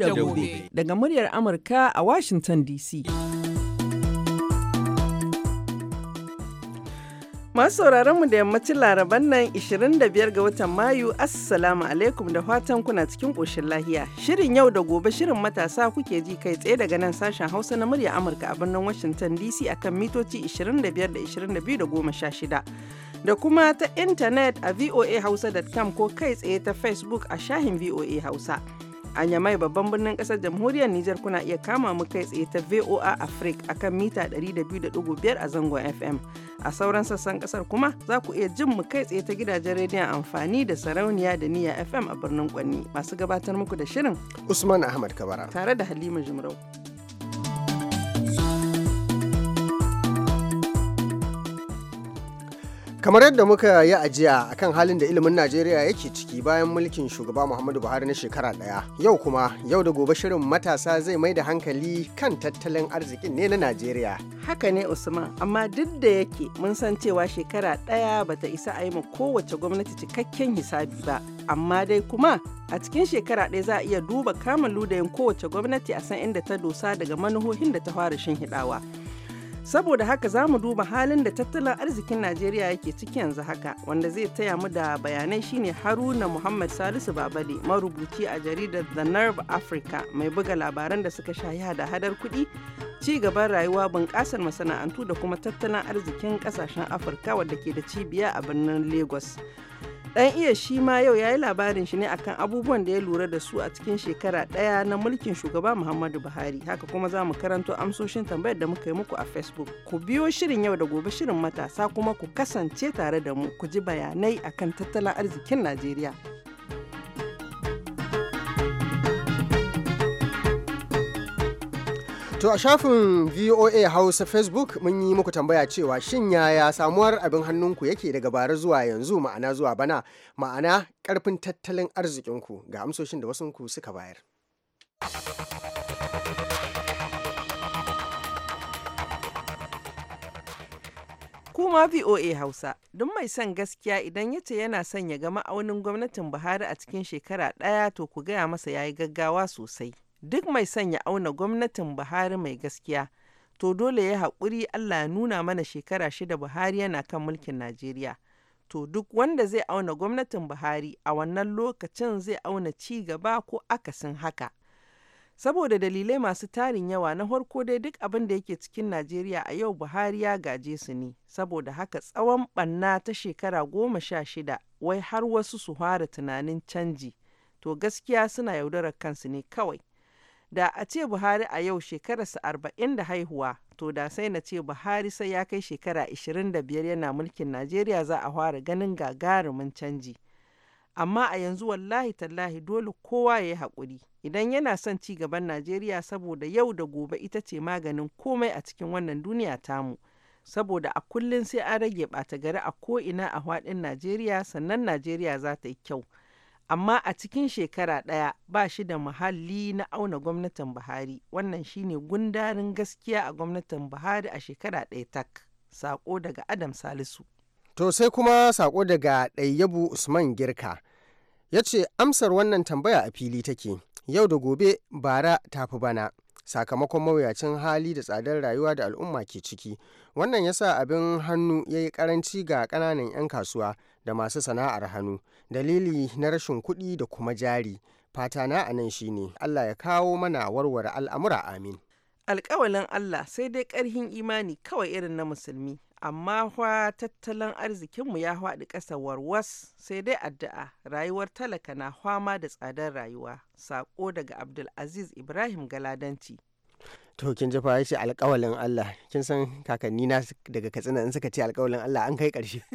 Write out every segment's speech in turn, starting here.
da gobe. Daga muryar Amurka a Washington DC. Masu sauraron mu da yammacin laraban nan 25 ga watan Mayu, Assalamu alaikum da fatan kuna cikin ƙoshin lahiya. Shirin yau da gobe shirin matasa kuke ji kai tsaye daga nan sashen Hausa na murya Amurka a birnin Washington DC akan mitoci 25 da 22 da 16. da kuma ta intanet a voahausa.com ko kai tsaye ta facebook a shahin voa hausa. A Nyamai babban birnin kasar jamhuriyar Nijar kuna iya kama mu kai tsaye ta VOA Africa akan mita 200.5 a zangon FM. A sauran sassan kasar kuma za ku iya jin mu kai tsaye ta gidajen rediyon amfani da sarauniya da niya FM a birnin Kwanni. Masu gabatar muku da shirin Usman Ahmad Kabara tare da Halima Jumrau. kamar yadda muka yi ajiya kan halin da ilimin najeriya yake ciki bayan mulkin shugaba muhammadu buhari na shekara daya yau kuma yau da gobe shirin matasa zai mai da hankali kan tattalin arzikin ne na najeriya haka ne usman amma duk da yake mun san cewa shekara daya bata isa a yi ma kowace gwamnati cikakken hisabi ba amma dai kuma a cikin shekara ɗaya za a iya duba kamun ludayin kowace gwamnati a san inda ta dosa daga manuhohin da ta fara shin hidawa Saboda haka za mu duba halin da tattalin arzikin Najeriya yake ciki yanzu haka, wanda zai taya mu da bayanai shine Haruna Muhammad Salisu babali marubuci a jaridar The Nerve Africa, mai buga labaran da suka shahi da hadar kuɗi, ci gaban rayuwa bunƙasar masana'antu da kuma tattalin arzikin ƙasashen Afirka wadda ke da cibiya a birnin Lagos. Dan iya shi ma yau ya yi labarin shi ne akan abubuwan da ya lura da su a cikin shekara daya na mulkin shugaba Muhammadu Buhari. Haka kuma za mu karanto amsoshin tambayar da muka yi muku a Facebook. Ku biyo shirin yau da gobe shirin matasa kuma ku kasance tare da mu ku ji bayanai akan tattalin arzikin Najeriya. To a shafin VOA Hausa Facebook mun yi muku tambaya cewa shin yaya samuwar abin hannunku yake daga bara zuwa yanzu ma'ana zuwa bana ma'ana karfin tattalin arzikinku ga amsoshin da wasunku suka bayar. kuma VOA Hausa, duk mai son gaskiya idan ya ce yana son ya ga ma'aunin gwamnatin Buhari a cikin shekara ɗaya to ku gaya masa ya yi gaggawa sosai. duk mai sanya auna gwamnatin Buhari mai gaskiya to dole ya haƙuri Allah ya nuna mana shekara shida Buhari yana kan mulkin Najeriya. To duk wanda zai auna gwamnatin Buhari a wannan lokacin zai auna ci gaba ko akasin haka. Saboda dalilai masu tarin yawa na harko dai duk abin da yake cikin Najeriya a yau Buhari ya gaje su ne, saboda haka tsawon ɓanna ta shekara goma sha shida wai har wasu su fara tunanin canji, to gaskiya suna yaudarar kansu ne kawai. da a ce buhari a yau shekararsa arba'in da haihuwa to da sai na ce buhari sai ya kai shekara ishirin da biyar yana mulkin najeriya za a fara ganin gagarumin canji amma a yanzu wallahi tallahi dole kowa ya yi haƙuri idan yana son ci gaban najeriya saboda yau da gobe ita ce maganin komai a cikin wannan duniya tamu saboda a kullum sai an rage ɓata gari a ko'ina a faɗin najeriya sannan najeriya za ta yi kyau amma a cikin shekara ɗaya ba shi da muhalli na auna gwamnatin Buhari wannan shine gundarin gaskiya a gwamnatin Buhari a shekara ɗaya tak sako daga Adam Salisu. To sai kuma sako daga Ɗayyabu Usman Girka ya ce amsar wannan tambaya a fili take yau da gobe bara tafi bana. sakamakon mawuyacin hali da tsadar rayuwa da al'umma ke ciki wannan yasa abin hannu ya yi karanci ga ƙananan 'yan kasuwa da masu sana'ar hannu dalili na rashin kuɗi da kuma jari fata na anan shine Allah ya kawo mana warware al'amura amin alƙawalin Allah sai dai ƙarhin imani kawai irin na musulmi amma fa tattalin arzikinmu ya haɗi ƙasa warwas sai dai addu'a rayuwar talaka na fama da tsadar rayuwa saƙo daga abdul aziz ibrahim galadanci to kin ji fa shi alƙawalin Allah kin san kakanni na daga katsina in suka ce alƙawalin Allah an kai ƙarshe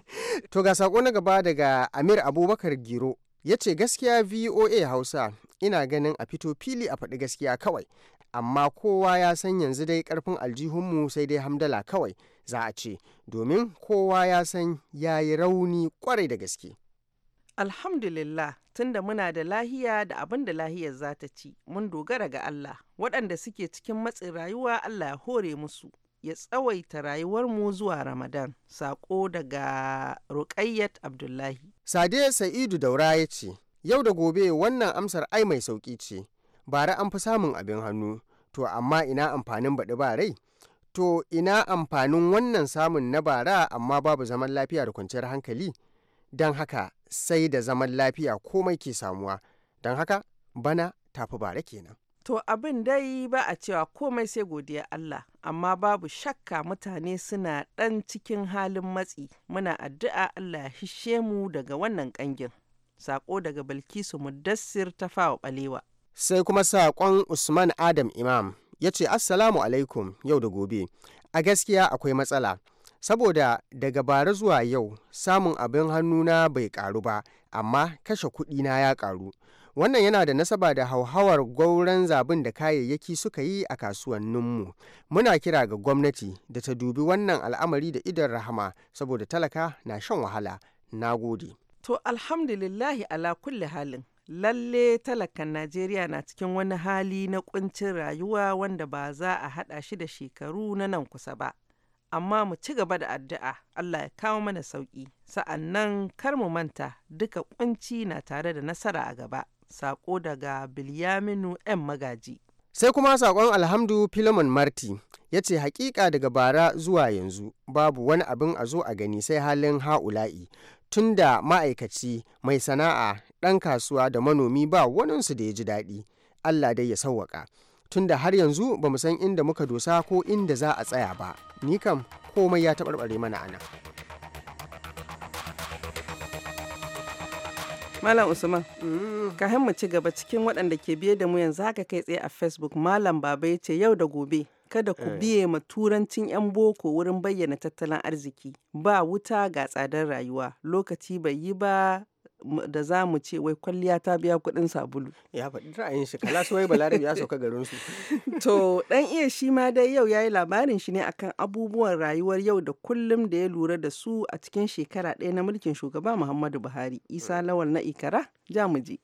to ga sako na gaba daga Amir Abubakar Giro ya ce gaskiya VOA Hausa ina ganin a fito fili a faɗi gaskiya kawai amma kowa ya san yanzu dai karfin aljihunmu sai dai hamdala kawai za a ce domin kowa ya san ya yi rauni kwarai da gaske. Alhamdulillah tunda muna da lahiya da abin da lahiyar za ta ci mun dogara ga Allah waɗanda suke cikin matsin rayuwa Allah ya hore musu ya tsawaita rayuwar mu zuwa Ramadan. Sako daga Rukayyat Abdullahi. Sade Sa'idu Daura ya ce, Yau da gobe wannan amsar ai mai sauƙi ce, bara an fi samun abin hannu, to amma ina amfanin baɗi ba rai? To ina amfanin wannan samun na bara amma babu zaman lafiya da kwanciyar hankali? Don haka sai da zaman lafiya komai ke samuwa, don haka bana tafi bara kenan. To abin dai ba a cewa komai sai godiya Allah, amma babu shakka mutane suna ɗan cikin halin matsi, muna addu'a Allah ya hishe mu daga wannan ƙangin. saƙo daga balkisu mudassir ta fawa ɓalewa. Sai kuma saƙon Usman Adam Imam ya ce Assalamu alaikum yau da gobe, a gaskiya akwai matsala. Saboda daga bara zuwa yau samun abin hannuna bai ƙaru ba, amma kashe na ya ƙaru. wannan yana da nasaba da hauhawar gwauron zabin da kayayyaki suka yi a kasuwanninmu muna kira ga gwamnati da ta dubi wannan al'amari da idan rahama saboda talaka na shan wahala na gode to alhamdulillahi ala kulli halin lalle talakan najeriya na cikin wani hali na kuncin rayuwa wanda ba za a haɗa shi da shekaru na nan kusa ba amma mu ci gaba da addu'a Allah ya kawo mana sauƙi sa'annan kar mu manta duka kunci na tare da nasara a gaba Sako daga Bilyaminu ‘yan magaji. Sai kuma sakon Alhamdu Filamon Marti ya ce hakika daga bara zuwa yanzu babu wani abin a zo a gani sai halin ha'ula'i tun da ma'aikaci mai sana'a ɗan kasuwa da manomi ba waninsu da ya ji daɗi Allah dai ya sauwaƙa tun da har yanzu ba mu san inda muka dosa ko inda za a tsaya ba ni kam komai ya taɓarɓare mana a nan. Malam Usman, ka mu ci gaba cikin waɗanda ke biye da mu yanzu haka kai tsaye a Facebook Malam Baba ya ce yau da gobe kada ku eh. biye ma turancin 'yan boko wurin bayyana tattalin arziki ba wuta ga tsadar rayuwa lokaci bai yi ba da za mu ce wai kwalliya ta biya kuɗin sabulu. Ya faɗi ra'ayin shi kala su wai balarabi ya sauka garin su. To dan iya shi ma dai yau ya yi labarin shi ne akan abubuwan rayuwar yau da kullum da ya lura da su a cikin shekara ɗaya na mulkin shugaba Muhammadu Buhari. Isa hmm. Lawal na Ikara, ja mu je.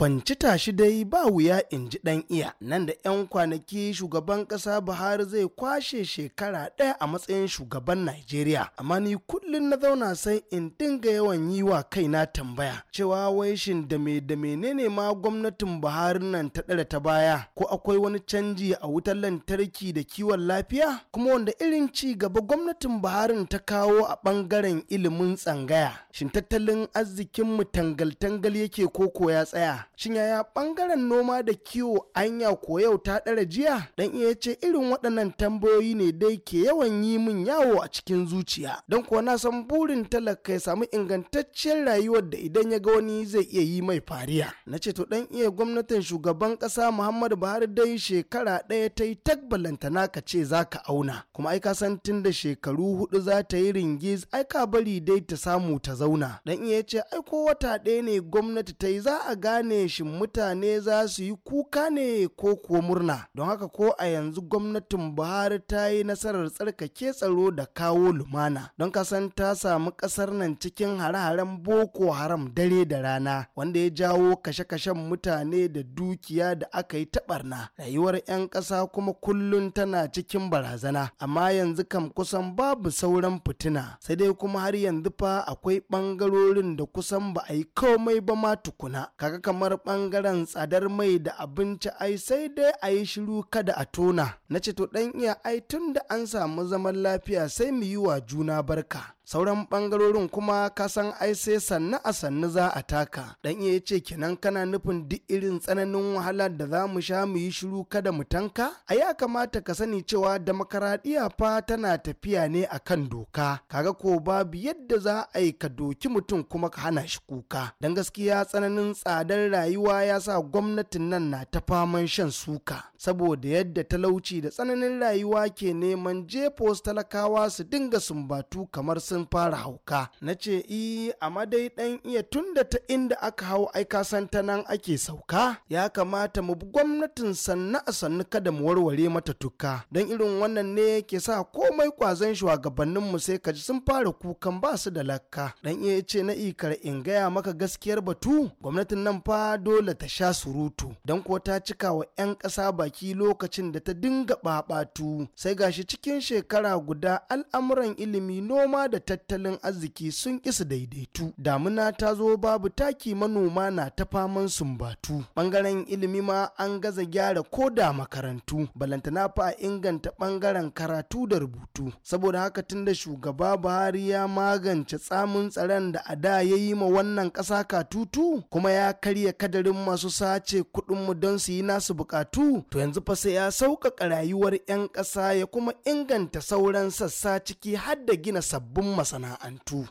kwanci tashi dai ba wuya in ji dan iya nan da 'yan kwanaki shugaban ƙasa buhari zai kwashe shekara ɗaya a matsayin shugaban najeriya amma ni kullum na zauna sai in dinga yawan yi wa kaina tambaya cewa wai shin da me da menene ma gwamnatin buhari nan ta ɗara ta baya ko akwai wani canji a wutar lantarki da kiwon lafiya kuma wanda irin ci gaba gwamnatin buharin ta kawo a ɓangaren ilimin tsangaya shin tattalin arzikinmu tangal-tangal yake koko ya tsaya shin yaya bangaren noma da kiwo anya ko yau ta ɗara jiya dan iya ce irin waɗannan tambayoyi ne dai ke yawan yi min yawo a cikin zuciya don kuwa na san burin talaka ya samu ingantacciyar rayuwar da idan ya ga wani zai iya yi mai fariya na ce to dan iya gwamnatin shugaban ƙasa muhammadu buhari dai shekara ɗaya ta yi tagbalanta naka ce za ka auna kuma ai ka san tun da shekaru hudu za ta yi ringiz ai ka bari dai ta samu ta zauna dan iya ce ai ko wata ɗaya ne gwamnati ta yi za a gane ne shi mutane za su yi kuka ne ko kuwa murna don haka ko a yanzu gwamnatin buhari ta yi nasarar tsarkake tsaro da kawo lumana don kasan ta samu kasar nan cikin hare-haren boko haram dare da rana wanda ya jawo kashe-kashen mutane da dukiya da aka yi taɓarna rayuwar 'yan ƙasa kuma kullum tana cikin barazana amma yanzu kam kusan babu sauran fitina sai dai kuma har yanzu fa akwai ɓangarorin da kusan ba a yi komai ba ma tukuna kaga kamar kamar ɓangaren tsadar mai da abinci ai sai dai a yi shiru kada a tona na ce to dan iya ai tun da an samu zaman lafiya sai mu yi wa juna barka sauran bangarorin kuma kasan ai sai sannu a sannu za a taka dan iya ce kenan kana nufin duk irin tsananin wahala da za mu sha mu yi shiru kada mu tanka a ya kamata ka sani cewa demokaradiyya fa tana tafiya ne a kan doka kaga ko babu yadda za a yi ka doki mutum kuma ka hana shi kuka dan gaskiya tsananin tsadar rayuwa ya sa gwamnatin nan na ta faman shan suka saboda yadda talauci da tsananin rayuwa ke neman jefa wasu talakawa su dinga sumbatu kamar sun sun fara hauka na ce i eh, amma dai dan iya tunda ta inda aka hau ai san ta nan ake sauka ya kamata mu bi gwamnatin sannu a sannu kada mu warware mata tuka. don irin wannan ne ke sa komai kwazon shugabannin mu sai kaji sun fara kukan ba su da lakka dan iya ce na ikar in gaya maka gaskiyar batu gwamnatin nan fa dole ta sha surutu don kuwa ta cika wa 'yan ƙasa baki lokacin da ta dinga babatu sai gashi cikin shekara guda al'amuran ilimi noma da tattalin arziki sun kisa daidaitu damuna ta zo babu taki manoma na ta faman sumbatu bangaren ilimi ma an gaza gyara ko da makarantu balantana fa inganta bangaren karatu da rubutu saboda haka tun da shugaba buhari ya magance tsamin tsaron da a da ya yi ma wannan ƙasa katutu kuma ya karya kadarin masu sace mu don su yi nasu bukatu to yanzu fa sai ya sauƙaƙa rayuwar 'yan ƙasa ya kuma inganta sauran sassa ciki har da gina sabbin masana'antu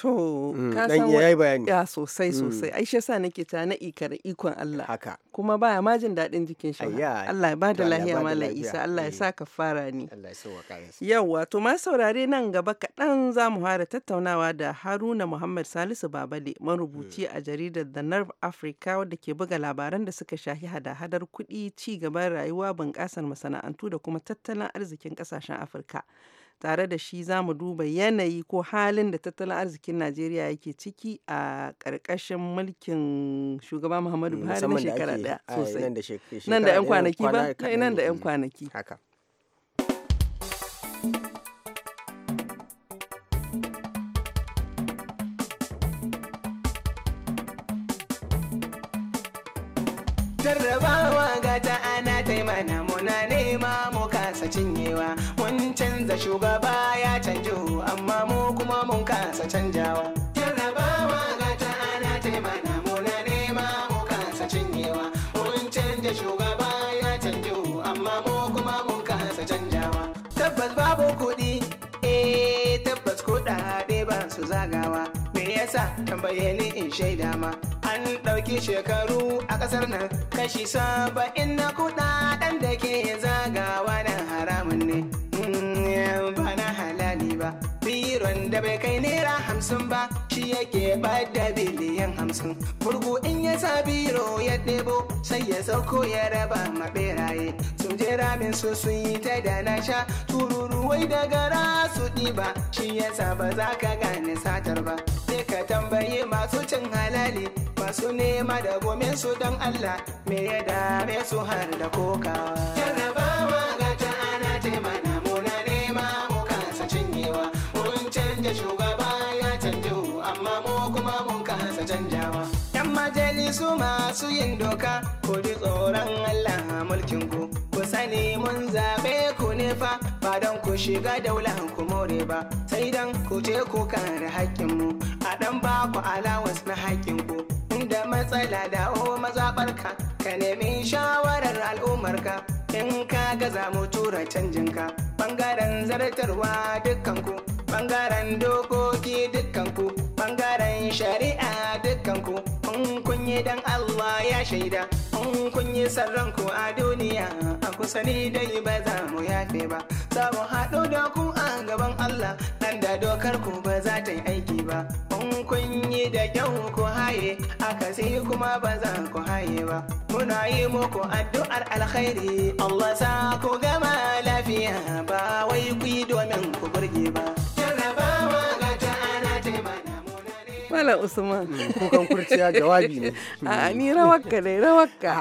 To, kasan mm, ka san ya bayani. sosai mm. sosai. Ai shi yasa nake ta na ikar ikon Allah. Haka. Kuma baya ma jin daɗin jikin shi. Allah ya bada lahiya Malam Isa. Allah ya eh. sa ka fara ni. Allah ya sa to ma saurare nan gaba kaɗan za mu fara tattaunawa da Haruna Muhammad Salisu Babale, marubuci mm. a jaridar The Nerve Africa wadda ke buga labaran da suka shahi hada-hadar kuɗi, ci gaban rayuwa, bunƙasar masana'antu da kuma tattalin arzikin ƙasashen Afirka. Tare da shi za mu duba yanayi ko halin da tattalin arzikin Najeriya yake ciki a ƙarƙashin mulkin shugaba Muhammadu mm, Buhari na shekara ɗaya sosai. Nan da 'yan kwanaki ba? Eh, nan da 'yan kwanaki. Haka. masu zagawa me yasa tambaye ni in shaida ma an ɗauki shekaru a ƙasar nan kashi saba'in na kuɗaɗen da ke zagawa na haramun ne wanda bai kai naira hamsin ba shi yake bada biliyan hamsin burgu in ya sa biro ya ɗebo sai ya sauko ya raba ma ɓeraye sun je ramin su sun yi ta da na sha tururu tururuwai daga rasu ɗiba shi ya sa ba za ka gane satar ba sai ka tambaye masu cin halali masu nema da gomen su don Allah me ya dame su har da kokawa. masu yin doka ku ji tsoron Allah mulkin ku ku sani mun zaɓe ku ne fa ba don ku shiga daular ku more ba sai dan ku je ku kare haƙƙin mu a dan ba ku alawas na haƙƙin ku inda matsala da dawo mazaɓarka ka nemi shawarar al'ummarka in ka gaza mu tura canjin ka bangaren zartarwa ku bangaren doko idan Allah ya shaida in kun yi sarran ku a duniya a kusa ni dai ba za mu yafe ba za mu haɗu da ku a gaban Allah nan da dokar ku ba za ta yi aiki ba in kun yi da kyau ku haye aka sai kuma ba za ku haye ba muna yi muku addu'ar alkhairi Allah sa ku gama lafiya ba wai ku yi domin ku burge ba jarrabawa Malam Usman. Hmm, kukan kurciya jawabi ne. A ni rawakka ne rawakka.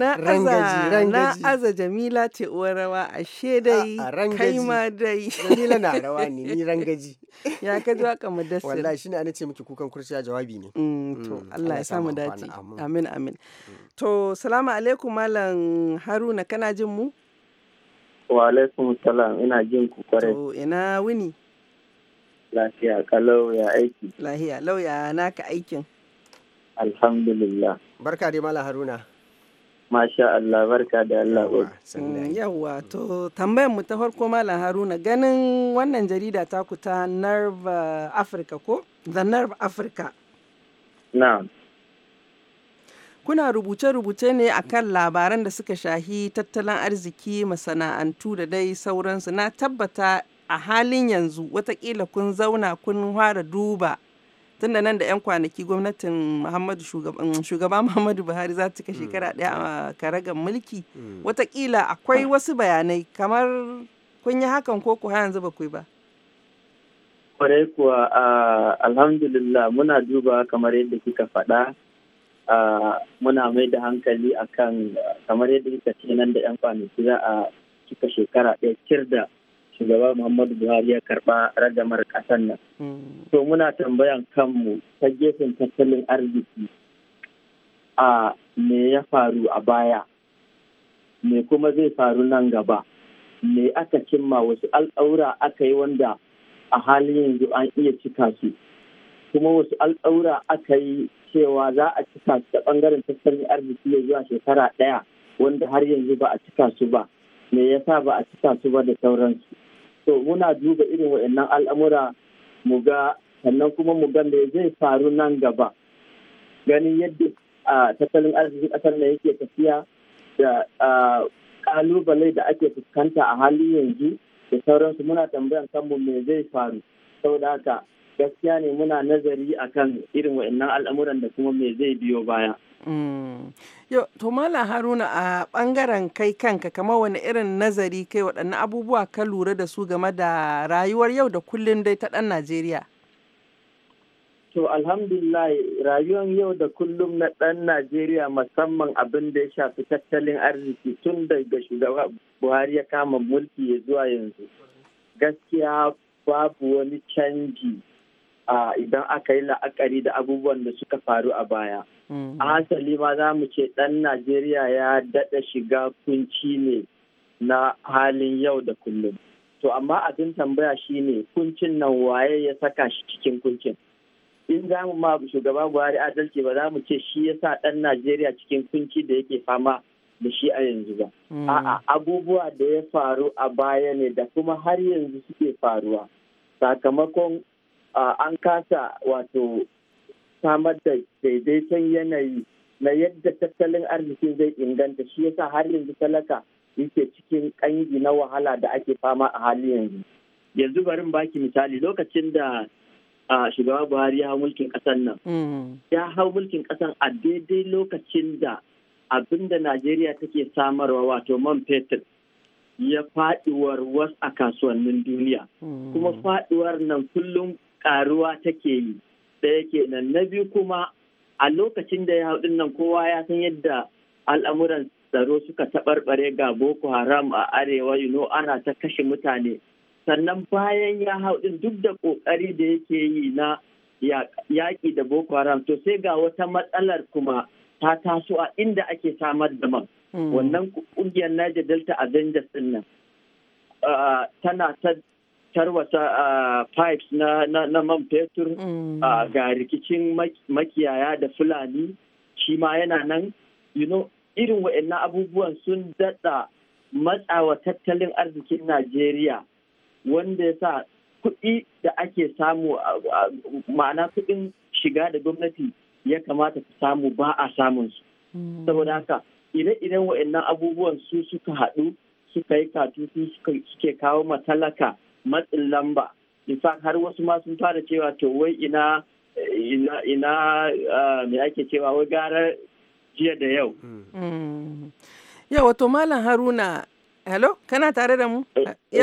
Na aza na aza Jamila ce uwar rawa ashe dai kai ma dai. Jamila na rawa ne ni rangaji. Ya ka ji waka mudassir. Wallahi shine ana ce miki kukan kurciya jawabi ne. Mm, to hmm, Allah ya sa mu dace. Amin amin. Hmm. To salamu alaikum Malam Haruna kana jin mu? Wa alaikum salam ina jin ku kwarai. To ina wuni. Lafiya ka lauya aiki. Lahiya lauya naka aikin. Alhamdulillah. Barka da Mala Haruna. Masha Allah barka da Allah Yawwa mm. to tambayar mu ta farko Mala Haruna ganin wannan jarida ta kuta Nerve eh, Africa ko? The Nerve Africa. na. Kuna rubuce-rubuce ne a kan labaran da suka shahi tattalin arziki, masana'antu da dai sauransu na tabbata a halin yanzu watakila kun zauna kun fara duba tun da nan da 'yan kwanaki gwamnatin muhammadu shugaba mm, muhammadu buhari za ta cika mm, shekara daya a mm. karagar mulki watakila akwai wasu bayanai kamar kun yi hakan ko ku yanzu ba ku ba kwarai kuwa alhamdulillah muna duba kamar yadda kika faɗa muna mai da hankali akan kamar yadda kika ce nan da 'yan kwanaki za a cika shekara ɗaya kirda da shugaba muhammadu buhari ya karba ragamar ƙasar nan to muna tambayan kanmu ta gefen tattalin arziki a me ya faru a baya me kuma zai faru nan gaba me aka cimma wasu al'aura aka yi wanda a halin yanzu an iya cika su kuma wasu al'aura aka yi cewa za a cika su ta bangaren tattalin arziki ya zuwa shekara ɗaya wanda har yanzu ba a cika su ba me yasa ba a cika su ba da sauransu to muna duba irin wa'annan al'amura mu ga sannan kuma mu ga me zai faru nan gaba ganin yadda tattalin arzikin ƙasar na yake tafiya da ƙalubale da ake fuskanta a halin yanzu da sauransu muna tambayan kanmu me zai faru saboda haka gaskiya ne muna nazari akan irin wa'annan al'amuran da kuma me zai biyo baya. Mm. Yo, to mala Haruna a ɓangaren kai kanka kama wani irin nazari kai waɗannan abubuwa ka lura da su game da rayuwar yau da kullum dai ta ɗan Najeriya. To alhamdulillah rayuwar yau da kullum na ɗan Najeriya musamman abin da ya shafi tattalin arziki tun daga shugaba Buhari ya kama mulki ya zuwa yanzu. Gaskiya babu wani canji idan aka yi la'akari da abubuwan da suka faru a baya. A mm-hmm. hasali ma za mu ce ɗan Najeriya ya daɗa shiga kunci ne na halin yau da kullum. To amma abin tambaya shi ne kuncin nan waye ya saka shi cikin kuncin. In za mu ma shugaba Buhari adalci ba za mu ce shi ya sa ɗan Najeriya cikin kunci da yake fama da shi a yanzu ba. Mm-hmm. A'a abubuwa da ya faru a baya ne da kuma har yanzu suke faruwa. Sakamakon an kasa wato samar da daidaiton yanayi na yadda tattalin arziki zai inganta shi yasa har yanzu talaka yake cikin kangi na wahala da ake fama a hali yanzu yanzu barin baki misali lokacin da shugaba buhari ya hau mulkin kasan nan mm. ya hau mulkin kasan a daidai lokacin da abin da najeriya take samarwa wato man fetur ya faɗiwar wasu a kasuwannin duniya mm. kuma faɗiwar nan kullum karuwa take yi ɗaya kenan na biyu kuma a lokacin da ya hau nan kowa ya san yadda al'amuran tsaro suka taɓarɓare ga boko haram a arewa yuno ana ta kashe mutane sannan bayan ya hau din duk da ƙoƙari da yake yi na yaƙi da boko haram to sai ga wata matsalar kuma ta taso a inda ake samar da man hmm. wannan ƙungiyar niger delta avengers ɗin nan uh, tana ta tarwata pipes na, na, man fetur mm. ga rikicin makiyaya da fulani shi ma yana nan you know irin waɗannan abubuwan sun daɗa matsawa tattalin arzikin najeriya wanda ya sa kuɗi da ake samu ma'ana kuɗin shiga da gwamnati ya kamata ta samu ba a samun su mm. saboda haka ire-iren waɗannan abubuwan su suka haɗu suka yi katutu suke kawo matalaka matsin lamba isa har wasu ma sun fara cewa to wai ina ina ah, me ake cewa wai gara jiya da yau mm. Mm. yawa to malam haruna Hello, kana tare da mu? Eh, eh,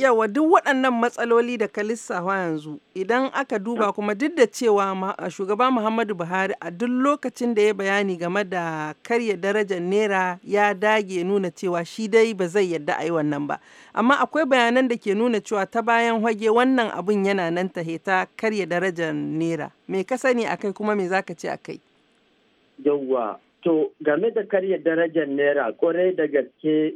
Yawa, eh, duk waɗannan matsaloli da ka lissafa yanzu idan aka duba ah. kuma duk da cewa shugaba Muhammadu Buhari a duk lokacin da ya bayani game da karya darajar Naira ya dage nuna cewa shi dai ba zai yarda a yi wannan ba. Amma akwai bayanan da ke nuna cewa ta bayan hage wannan abun yana nan ta heta karya darajar Naira. Me ka sani akai kuma me zaka ce akai? Yawa, to game da karya darajar Naira, kwarai da gaske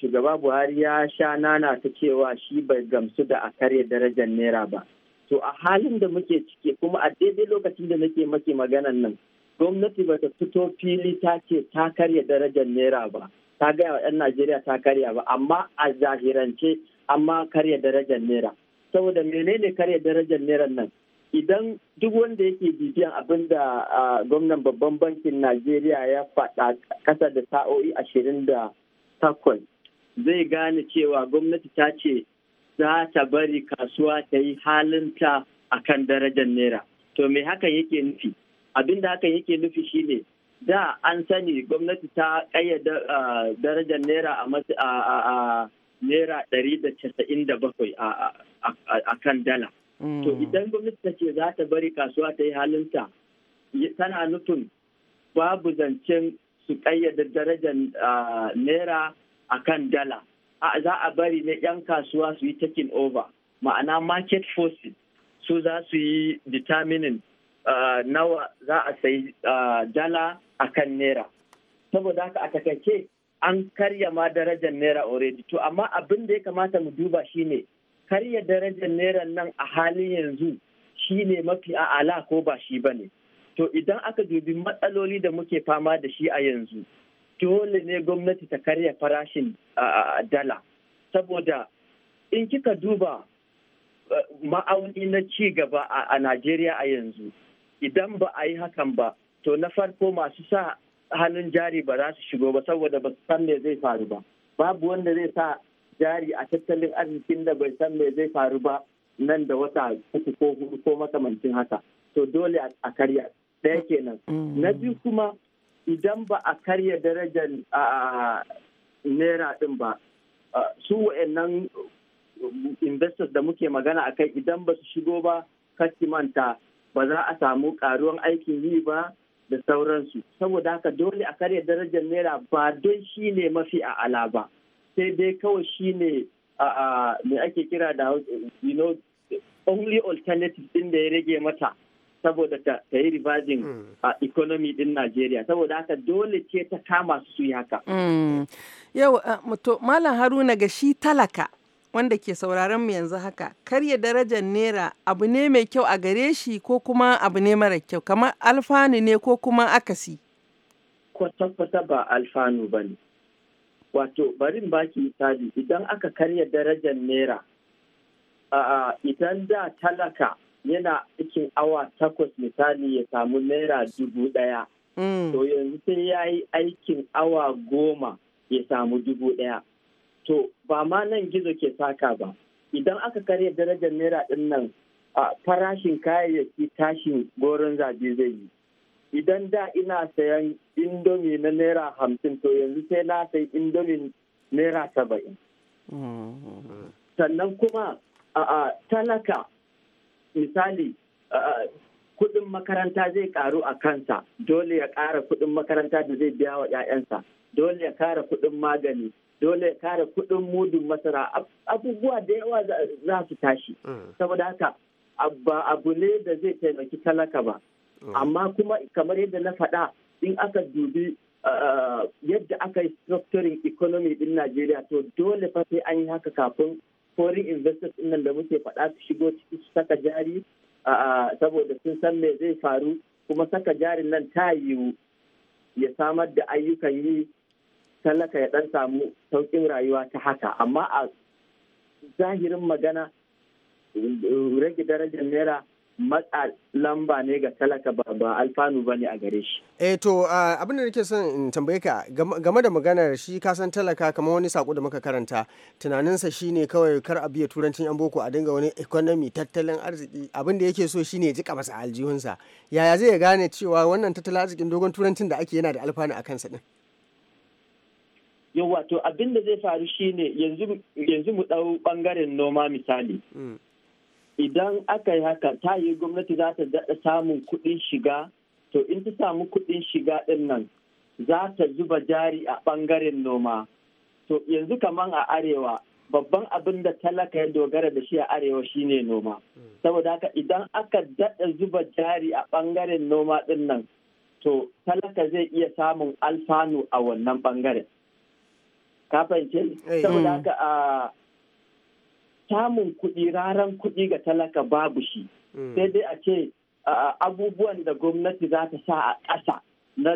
shugaba buhari ya sha nana ta cewa shi bai gamsu da a karya darajar naira ba to a halin da muke ciki kuma a daidai lokacin da nake maki maganan nan gwamnati bata fito fili ta ce ta karya darajar naira ba ta gaya wa 'yan najeriya ta karya ba amma a zahirance amma karya darajar naira saboda menene karya darajar naira nan idan duk wanda yake bibiyan abin da gwamnan babban bankin najeriya ya faɗa ƙasa da sa'o'i ashirin da takwas zai gane cewa gwamnati ta ce za ta bari kasuwa ta yi halinta a kan darajar naira to me hakan yake nufi abinda hakan yake nufi shine da an sani gwamnati ta kayyada darajar naira a naira ɗari da casa'in da bakwai a kan dala mm. to idan gwamnati ta ce za ta bari kasuwa ta yi halinta tana nufin babu zancen su kayyada darajar ah, naira a kan dala za a bari ne 'yan kasuwa su yi taking over ma'ana market forces su za su yi determining ah, nawa za a sayi ah, dala a kan naira saboda haka a takaice an karya ma darajar naira already to amma abin da ya kamata mu duba shine karya darajar naira nan a halin yanzu shine mafi a'ala ko ba shi bane to idan aka dubi matsaloli da muke fama da shi a yanzu dole ne gwamnati ta karya farashin dala saboda in kika duba eh, ma'auni na ci gaba a najeriya a yanzu idan ba a yi hakan ba to na farko masu sa hannun jari ba za su shigo ba saboda ba su san me zai faru ba babu wanda zai sa jari a tattalin arzikin da bai san me zai faru ba nan da wata uku ko ko makamancin haka to dole a karya ɗaya kenan mm. na biyu kuma idan ba a karya darajar naira ɗin ba su wa'annan uh, investors da muke magana a kai idan ba su shigo ba manta ba za a samu karuwan aikin yi ba da sauransu saboda haka dole a karya darajar naira ba don shi ne mafi a'ala ba sai dai kawai shi ne me ake kira da you know only alternative ɗin da ya rage mata saboda ta yi rivajin hmm. a economy din Najeriya saboda haka dole ce ta kama su yi haka. Hmm. Yau eh, Malam Haruna ga shi talaka wanda ke sauraron mu yanzu haka karya darajar naira abu ne mai kyau a gare shi ko kuma abu ne mara kyau kamar alfanu ne ko kuma akasi. Kwata-kwata ba alfanu ba ne. Wato barin baki misali idan aka karya darajar naira idan da talaka yana cikin awa takwas misali ya samu naira dubu ɗaya. Mm. To yanzu sai ya yi aikin awa goma ya samu dubu ɗaya. To ba ma nan gizo ke saka ba. Idan aka karya darajar naira ɗin nan farashin kayayyaki tashin goron zabi zai yi. Idan da ina sayan indomi na naira hamsin to yanzu sai na sayi indomi naira saba'in. Mm. Sannan kuma a talaka misali uh, kudin makaranta zai karu a kansa dole ya kara kudin makaranta da zai biya wa 'ya'yansa dole ya kara kudin magani dole ya kara kudin mudun masara abubuwa da yawa za su tashi mm. saboda haka ba abu ne da zai taimaki talaka ba mm. amma kuma kamar yadda na faɗa in aka dubi uh, yadda aka yi structuring economy din Najeriya to dole fa sai an yi haka kafin foreign investors nan da muke faɗa su shigo ciki su saka jari saboda sun san me zai faru kuma saka jarin nan ta yiwu ya samar da ayyukan yi talaka ya ɗan samu sauƙin rayuwa ta haka amma a zahirin magana rage darajar naira matsa lamba ne ga talaka ba ba alfanu ba ne a gare shi. Eh to abin da nake son in tambaye ka game da maganar shi kasan talaka kamar wani sako da muka karanta tunaninsa shine kawai kar a biya turancin yan boko a dinga wani economy tattalin arziki abin da yake so shine ya jika masa aljihunsa yaya zai gane cewa wannan tattalin arzikin dogon turancin da ake yana da alfanu a kansa din. Yawwa to abin da zai faru shine yanzu mu ɗau ɓangaren noma misali. Mm. idan aka yi haka ta yi gwamnati za ta daɗa samun kuɗin shiga to in ta samu kuɗin shiga ɗin nan za ta zuba jari a ɓangaren noma to yanzu kaman a arewa babban abin da talaka ya dogara da shi a arewa shine noma saboda haka idan aka daɗa zuba jari a ɓangaren noma ɗin nan to talaka zai iya samun alfanu a wannan ɓangaren ka fahimce eh. saboda haka mm. ah, samun kuɗi raran kuɗi ga talaka babu shi hmm. sai dai a ce abubuwan da gwamnati za ta sa a ƙasa na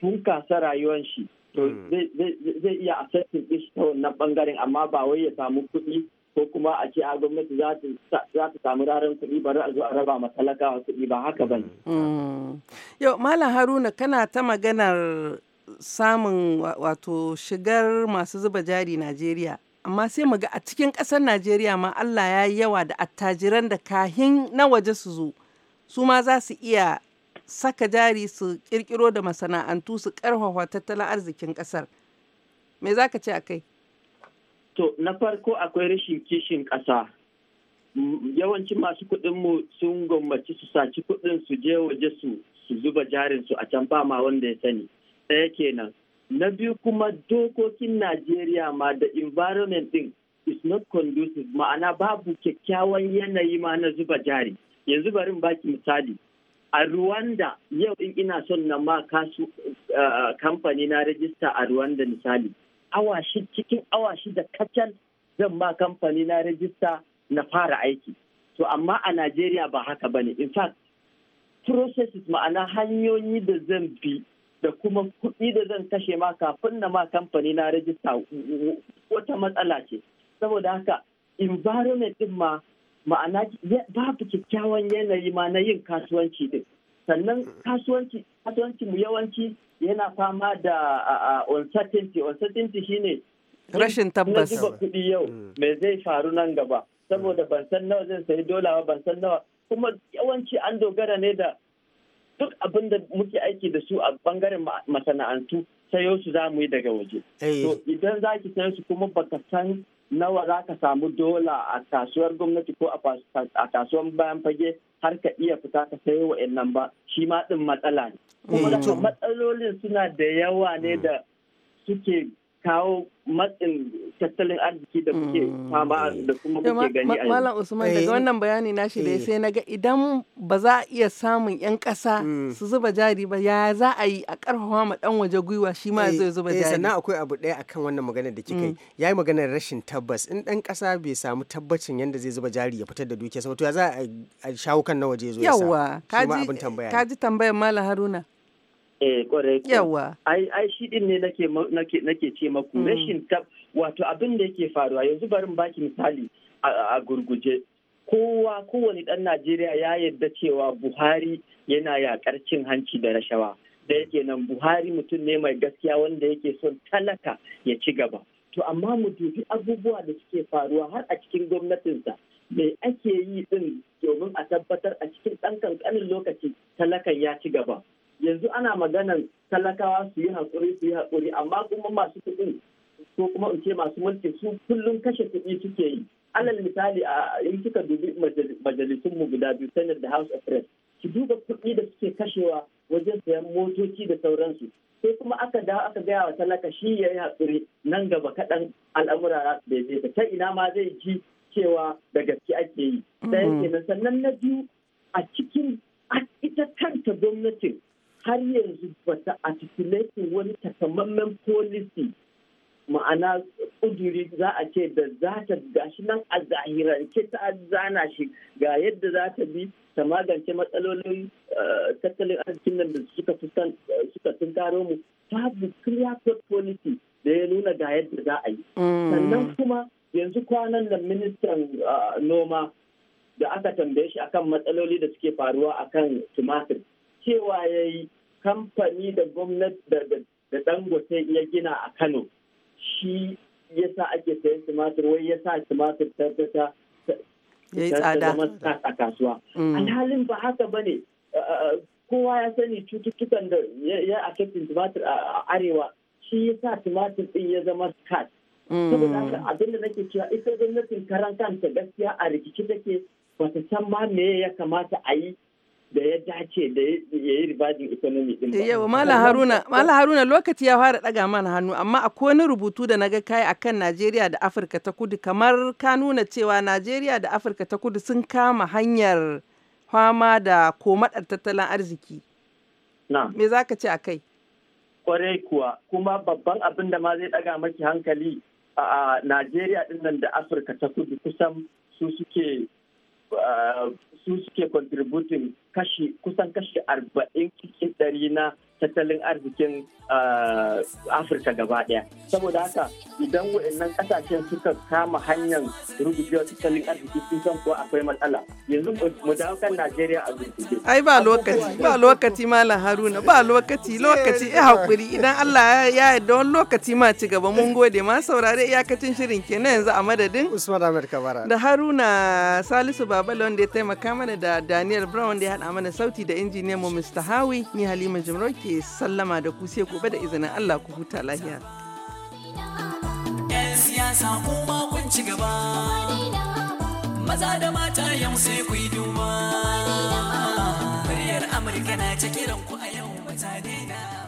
tunkasa rayuwar shi to hmm. zai iya a ɗin ta wannan ɓangaren amma ba wai ya samu kuɗi ko kuma a ce a gwamnati za ta samu raran kuɗi bari a zo a raba ma talakawa kuɗi ba haka ba hmm. yau malam haruna kana ta maganar samun wato shigar masu zuba jari najeriya amma sai mu ga a cikin ƙasar Najeriya ma Allah ya yi yawa da attajiran da kahin na waje su zo su ma za su iya saka jari su kirkiro da masana'antu su karfafa tattalin arzikin ƙasar me za ka ce a kai to na farko akwai rashin kishin ƙasa yawancin masu kuɗin mu sun gwammaci su saci kuɗin su je waje su su zuba jarin su a can ba ma wanda ya sani ɗaya kenan na biyu kuma dokokin najeriya ma da environment din is not conducive ma'ana babu kyakkyawan yanayi ma na zuba jari yanzu barin baki misali a rwanda yau in ina son na ma kasu eh, kamfani na rajista a rwanda misali awa shi cikin awa shi da kacal zan ma kamfani na rajista na fara aiki to amma a najeriya ba haka ba ne in fact processes ma'ana hanyoyi da zan bi da kuma kuɗi da zan kashe ma kafin na ma kamfani na rajista wata matsala ce saboda haka environment din ma ma'ana babu kyakkyawan yanayi ma na yin kasuwanci din sannan kasuwanci mu yawanci yana fama da uncertainty uncertainty shine rashin tabbas na kuɗi yau mm. me zai faru nan gaba mm. saboda ban san nawa zan sayi dola ba ban san nawa kuma yawanci an dogara ne da duk abin da muke aiki da su a bangaren masana'antu sayo su za mu yi daga waje. Eh. To idan za ki sayo su kuma baka san nawa za ka samu dola a kasuwar gwamnati ko a kasuwar bayan fage har ka iya fita ka sayo wa'annan ba shi ma din matsala ne. Eh, kuma matsalolin suna da yawa ne hmm. da suke kawo matsin tattalin arziki da kuke mm. fama da kuma kuke gani a Malam Usman daga eh. wannan bayani nashi da eh. sai naga idan ba za a iya samun 'yan kasa mm. su zuba jari ba ya za a yi a karfafa ma dan waje gwiwa shi ma eh, zai zuba jari. Sannan akwai abu ɗaya akan wannan magana da kika yi mm. ya yi maganar rashin tabbas in dan kasa bai samu tabbacin yadda zai zuba jari ya fitar da dukiyarsa to ya za a shawo kan na waje ya zo ya sa. Yawwa kaji tambayar Malam Haruna. eh kwarai yawa ai ai shi din ne nake ce maku mm. rashin tab wato abin da yake faruwa yanzu barin baki misali a gurguje kowa kowane dan Najeriya ya yarda cewa Buhari yana yakar cin hanci da rashawa da yake nan Buhari mutum ne mai gaskiya wanda yake son talaka ya ci gaba to amma mu dubi abubuwa da suke faruwa har a cikin gwamnatinsa me ake yi din domin a tabbatar a cikin ɗan kankanin lokaci talakan ya ci gaba yanzu ana maganar talakawa su yi haƙuri su yi haƙuri amma kuma masu kuɗi ko kuma in ce masu mulki su kullum kashe kuɗi suke yi alal misali a in kika dubi majalisun mu guda biyu sanar da house of reps ki duba kuɗi da suke kashewa wajen sayan motoci da sauransu sai kuma aka da aka gaya wa talaka shi ya yi haƙuri nan gaba kaɗan al'amura za su daidaita ta ina ma zai ji cewa da gaske ake yi mm. ɗaya kenan sannan na biyu a cikin ita kanta gwamnatin har yanzu ba ta articulating wani takamammen policy ma'ana kuduri za a ce da za ta gashi nan a zahirance ta zana shi ga yadda za ta bi ta magance matsalolin eh, tattalin arzikin nan da eh, suka tunkaro mu ta bi clear policy da ya nuna ga yadda za a yi mm. sannan kuma yanzu kwanan da ministan eh, noma da aka tambaye shi akan matsaloli da suke faruwa akan tumatir cewa ya yi kamfani da gwamnati da dangote ya gina a kano shi ya sa ake sayan tumatir wai ya sa tumatir ta ta ya yi tsada a kasuwa mm. alhalin ba haka ba ne kowa ya sani cututtukan da ya affecting tumatir a arewa shi ya sa tumatir din ya zama scat. Mm. saboda abin da nake cewa ita gwamnatin karan kanta gaskiya a rikici take ta san ma me ya kamata a yi da ya dace da ya yi ribajin economy din ba. Yawa Mala Haruna, lokaci ya fara daga mana hannu amma akwai wani rubutu da naga kai kan Najeriya da Afirka ta Kudu kamar ka nuna cewa Najeriya da Afirka ta Kudu sun kama hanyar fama da komadar tattalin arziki. Na. Me za ka ce a kai? Kwarai kuwa kuma babban abin da ma zai daga maki hankali a Najeriya din nan da Afirka ta Kudu kusan su suke eh, su suke contributing kashi kusan kashi arba'in cikin ɗari na tattalin arzikin ah, afirka gaba ɗaya saboda haka idan waɗannan ƙasashen suka kama hanyar rugujewar tattalin arziki sun san kuwa akwai matsala yanzu mu dawo kan najeriya a gurguje ai ba lokaci ba lokaci malam haruna ba lokaci lokaci ya eh, haƙuri idan allah ya yarda wani lokaci ma ci gaba mun gode ma saurare iyakacin shirin kenan yanzu a madadin usman ahmed kabara da haruna salisu babala wanda ya taimaka mana da daniel brown da ya haɗa mana sauti da injiniyan mu Mr. Hawi ni Halima Jimro ke sallama da ku sai gobe da izinin Allah ku huta lafiya. Yan siyasa kuma kun ci gaba. Maza da mata yau sai ku yi duba. Muryar Amurka na ta kiran ku a yau mata ta daina.